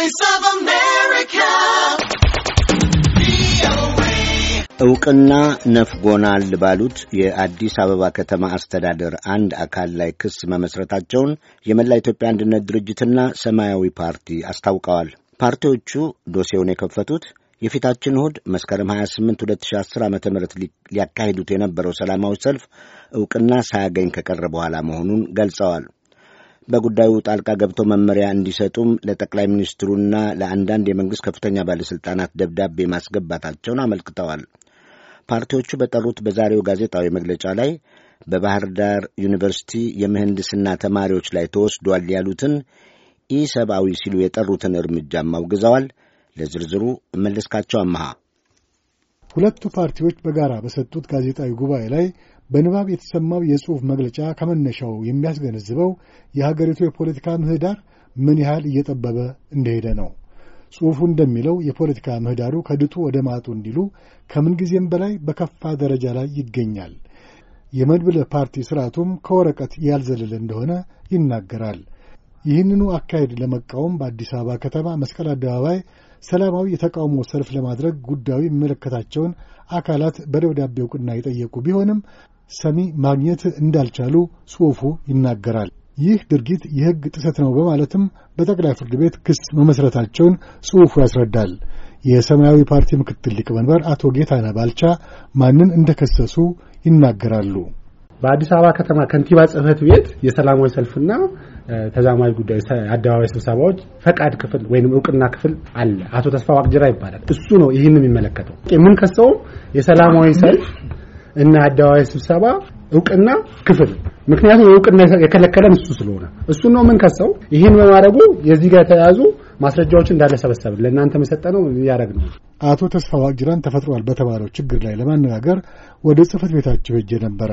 Voice of America. እውቅና ነፍጎናል ባሉት የአዲስ አበባ ከተማ አስተዳደር አንድ አካል ላይ ክስ መመስረታቸውን የመላ ኢትዮጵያ አንድነት ድርጅትና ሰማያዊ ፓርቲ አስታውቀዋል። ፓርቲዎቹ ዶሴውን የከፈቱት የፊታችን እሁድ መስከረም 28 2010 ዓ ም ሊያካሂዱት የነበረው ሰላማዊ ሰልፍ እውቅና ሳያገኝ ከቀረ በኋላ መሆኑን ገልጸዋል። በጉዳዩ ጣልቃ ገብተው መመሪያ እንዲሰጡም ለጠቅላይ ሚኒስትሩና ለአንዳንድ የመንግሥት ከፍተኛ ባለሥልጣናት ደብዳቤ ማስገባታቸውን አመልክተዋል። ፓርቲዎቹ በጠሩት በዛሬው ጋዜጣዊ መግለጫ ላይ በባህር ዳር ዩኒቨርሲቲ የምህንድስና ተማሪዎች ላይ ተወስዷል ያሉትን ኢሰብአዊ ሲሉ የጠሩትን እርምጃም አውግዘዋል። ለዝርዝሩ መለስካቸው አመሃ ሁለቱ ፓርቲዎች በጋራ በሰጡት ጋዜጣዊ ጉባኤ ላይ በንባብ የተሰማው የጽሑፍ መግለጫ ከመነሻው የሚያስገነዝበው የሀገሪቱ የፖለቲካ ምህዳር ምን ያህል እየጠበበ እንደሄደ ነው። ጽሑፉ እንደሚለው የፖለቲካ ምህዳሩ ከድጡ ወደ ማጡ እንዲሉ ከምንጊዜም በላይ በከፋ ደረጃ ላይ ይገኛል። የመድብለ ፓርቲ ስርዓቱም ከወረቀት ያልዘለለ እንደሆነ ይናገራል። ይህንኑ አካሄድ ለመቃወም በአዲስ አበባ ከተማ መስቀል አደባባይ ሰላማዊ የተቃውሞ ሰልፍ ለማድረግ ጉዳዩ የሚመለከታቸውን አካላት በደብዳቤ እውቅና የጠየቁ ቢሆንም ሰሚ ማግኘት እንዳልቻሉ ጽሑፉ ይናገራል። ይህ ድርጊት የሕግ ጥሰት ነው በማለትም በጠቅላይ ፍርድ ቤት ክስ መመስረታቸውን ጽሑፉ ያስረዳል። የሰማያዊ ፓርቲ ምክትል ሊቀመንበር አቶ ጌታነ ባልቻ ማንን እንደከሰሱ ይናገራሉ። በአዲስ አበባ ከተማ ከንቲባ ጽህፈት ቤት የሰላማዊ ሰልፍና ተዛማጅ ጉዳይ አደባባይ ስብሰባዎች ፈቃድ ክፍል ወይም እውቅና ክፍል አለ። አቶ ተስፋ ዋቅጅራ ይባላል። እሱ ነው ይህን የሚመለከተው። የምንከሰውም የሰላማዊ ሰልፍ እና አደባባይ ስብሰባ እውቅና ክፍል ምክንያቱም እውቅና የከለከለን እሱ ስለሆነ እሱ ነው የምንከሰው። ይህን በማድረጉ የዚህ ጋር የተያያዙ ማስረጃዎችን እንዳለ ሰበሰብን። ለእናንተ መሰጠ ነው እያደረግ ነው። አቶ ተስፋ ዋቅጅራን ተፈጥሯል በተባለው ችግር ላይ ለማነጋገር ወደ ጽህፈት ቤታቸው ሄጄ ነበረ።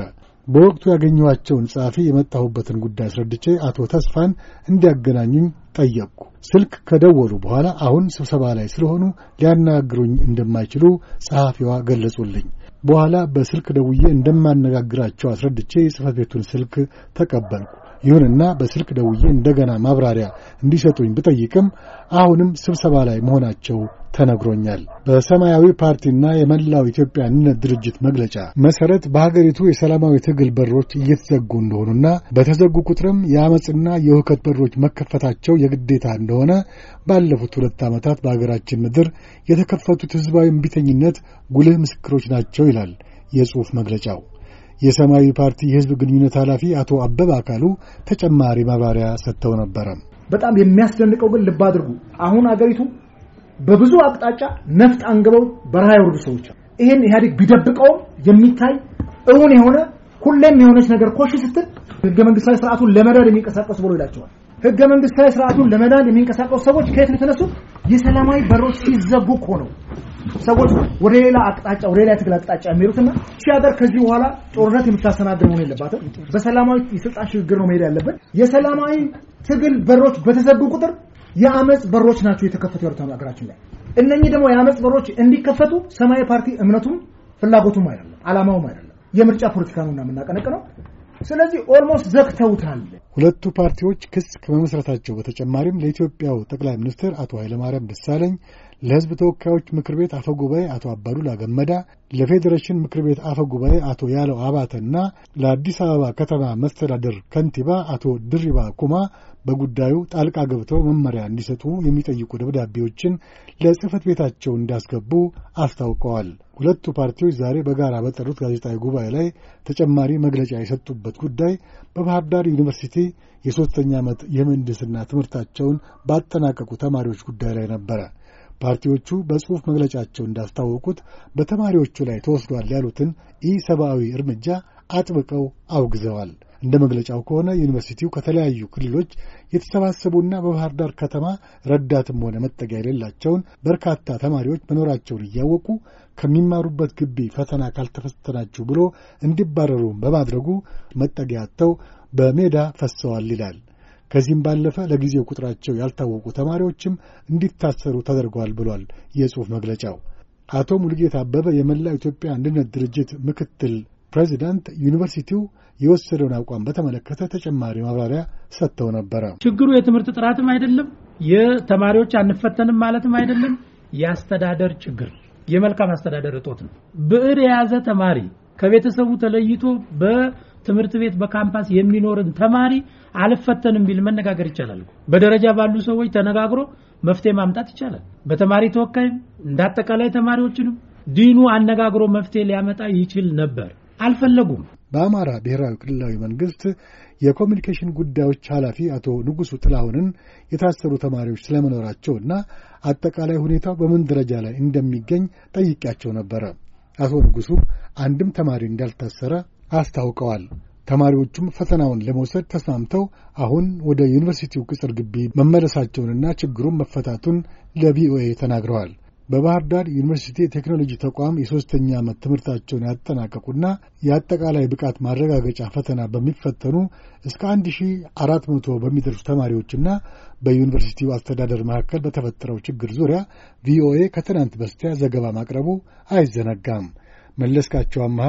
በወቅቱ ያገኘኋቸውን ጸሐፊ የመጣሁበትን ጉዳይ አስረድቼ አቶ ተስፋን እንዲያገናኙኝ ጠየቅኩ። ስልክ ከደወሉ በኋላ አሁን ስብሰባ ላይ ስለሆኑ ሊያነጋግሩኝ እንደማይችሉ ጸሐፊዋ ገለጹልኝ። በኋላ በስልክ ደውዬ እንደማነጋግራቸው አስረድቼ የጽህፈት ቤቱን ስልክ ተቀበልኩ። ይሁንና በስልክ ደውዬ እንደገና ማብራሪያ እንዲሰጡኝ ብጠይቅም አሁንም ስብሰባ ላይ መሆናቸው ተነግሮኛል። በሰማያዊ ፓርቲና የመላው ኢትዮጵያ አንድነት ድርጅት መግለጫ መሰረት በሀገሪቱ የሰላማዊ ትግል በሮች እየተዘጉ እንደሆኑና በተዘጉ ቁጥርም የአመፅና የሁከት በሮች መከፈታቸው የግዴታ እንደሆነ ባለፉት ሁለት ዓመታት በሀገራችን ምድር የተከፈቱት ህዝባዊ እምቢተኝነት ጉልህ ምስክሮች ናቸው ይላል የጽሑፍ መግለጫው። የሰማያዊ ፓርቲ የህዝብ ግንኙነት ኃላፊ አቶ አበበ አካሉ ተጨማሪ ማብራሪያ ሰጥተው ነበረ። በጣም የሚያስደንቀው ግን ልብ አድርጉ፣ አሁን አገሪቱ በብዙ አቅጣጫ ነፍጥ አንግበው በረሃ የወረዱ ሰዎች ይህን ኢህአዴግ ቢደብቀውም የሚታይ እውን የሆነ ሁሌም የሆነች ነገር ኮሽ ስትል ህገ መንግስታዊ ስርዓቱን ለመዳን የሚንቀሳቀሱ ብሎ ይላቸዋል። ህገ መንግስታዊ ስርዓቱን ለመዳን የሚንቀሳቀሱ ሰዎች ከየት ነው የተነሱት? የሰላማዊ በሮች ሲዘጉ እኮ ነው። ሰዎች ወደ ሌላ አቅጣጫ ወደ ሌላ የትግል አቅጣጫ የሚሄዱትና እቺ ሀገር ከዚህ በኋላ ጦርነት የምታስተናግድ መሆን የለባትም። በሰላማዊ የስልጣን ሽግግር ነው መሄድ ያለበት። የሰላማዊ ትግል በሮች በተዘጉ ቁጥር የአመፅ በሮች ናቸው የተከፈቱ ያሉት ሀገራችን ላይ። እነኚህ ደግሞ የአመፅ በሮች እንዲከፈቱ ሰማያዊ ፓርቲ እምነቱም ፍላጎቱም አይደለም፣ አላማውም አይደለም። የምርጫ ፖለቲካ ነው እና ነው። ስለዚህ ኦልሞስት ዘግተውታል። ሁለቱ ፓርቲዎች ክስ ከመመስረታቸው በተጨማሪም ለኢትዮጵያው ጠቅላይ ሚኒስትር አቶ ኃይለማርያም ደሳለኝ ለሕዝብ ተወካዮች ምክር ቤት አፈ ጉባኤ አቶ አባዱላ ገመዳ፣ ለፌዴሬሽን ምክር ቤት አፈ ጉባኤ አቶ ያለው አባተና ለአዲስ አበባ ከተማ መስተዳደር ከንቲባ አቶ ድሪባ ኩማ በጉዳዩ ጣልቃ ገብተው መመሪያ እንዲሰጡ የሚጠይቁ ደብዳቤዎችን ለጽህፈት ቤታቸው እንዳስገቡ አስታውቀዋል። ሁለቱ ፓርቲዎች ዛሬ በጋራ በጠሩት ጋዜጣዊ ጉባኤ ላይ ተጨማሪ መግለጫ የሰጡበት ጉዳይ በባህር ዳር ዩኒቨርሲቲ የሦስተኛ ዓመት የምህንድስና ትምህርታቸውን ባጠናቀቁ ተማሪዎች ጉዳይ ላይ ነበረ። ፓርቲዎቹ በጽሑፍ መግለጫቸው እንዳስታወቁት በተማሪዎቹ ላይ ተወስዷል ያሉትን ኢ ሰብአዊ እርምጃ አጥብቀው አውግዘዋል። እንደ መግለጫው ከሆነ ዩኒቨርሲቲው ከተለያዩ ክልሎች የተሰባሰቡና በባህር ዳር ከተማ ረዳትም ሆነ መጠጊያ የሌላቸውን በርካታ ተማሪዎች መኖራቸውን እያወቁ ከሚማሩበት ግቢ ፈተና ካልተፈተናችሁ ብሎ እንዲባረሩ በማድረጉ መጠጊያ አጥተው በሜዳ ፈሰዋል ይላል። ከዚህም ባለፈ ለጊዜው ቁጥራቸው ያልታወቁ ተማሪዎችም እንዲታሰሩ ተደርጓል ብሏል የጽሑፍ መግለጫው። አቶ ሙልጌታ አበበ የመላው ኢትዮጵያ አንድነት ድርጅት ምክትል ፕሬዚዳንት ዩኒቨርሲቲው የወሰደውን አቋም በተመለከተ ተጨማሪ ማብራሪያ ሰጥተው ነበረ። ችግሩ የትምህርት ጥራትም አይደለም፣ የተማሪዎች አንፈተንም ማለትም አይደለም፣ የአስተዳደር ችግር የመልካም አስተዳደር እጦት ነው። ብዕር የያዘ ተማሪ ከቤተሰቡ ተለይቶ በ ትምህርት ቤት በካምፓስ የሚኖርን ተማሪ አልፈተንም ቢል መነጋገር ይቻላል። በደረጃ ባሉ ሰዎች ተነጋግሮ መፍትሄ ማምጣት ይቻላል። በተማሪ ተወካይም እንዳጠቃላይ ተማሪዎችንም ዲኑ አነጋግሮ መፍትሄ ሊያመጣ ይችል ነበር። አልፈለጉም። በአማራ ብሔራዊ ክልላዊ መንግስት የኮሚኒኬሽን ጉዳዮች ኃላፊ አቶ ንጉሱ ጥላሁንን የታሰሩ ተማሪዎች ስለመኖራቸው ና አጠቃላይ ሁኔታው በምን ደረጃ ላይ እንደሚገኝ ጠይቄያቸው ነበረ። አቶ ንጉሱ አንድም ተማሪ እንዳልታሰረ አስታውቀዋል። ተማሪዎቹም ፈተናውን ለመውሰድ ተስማምተው አሁን ወደ ዩኒቨርሲቲው ቅጽር ግቢ መመለሳቸውንና ችግሩን መፈታቱን ለቪኦኤ ተናግረዋል። በባህር ዳር ዩኒቨርሲቲ የቴክኖሎጂ ተቋም የሦስተኛ ዓመት ትምህርታቸውን ያጠናቀቁና የአጠቃላይ ብቃት ማረጋገጫ ፈተና በሚፈተኑ እስከ 1400 በሚደርሱ ተማሪዎችና በዩኒቨርሲቲው አስተዳደር መካከል በተፈጠረው ችግር ዙሪያ ቪኦኤ ከትናንት በስቲያ ዘገባ ማቅረቡ አይዘነጋም። መለስካቸው አመሃ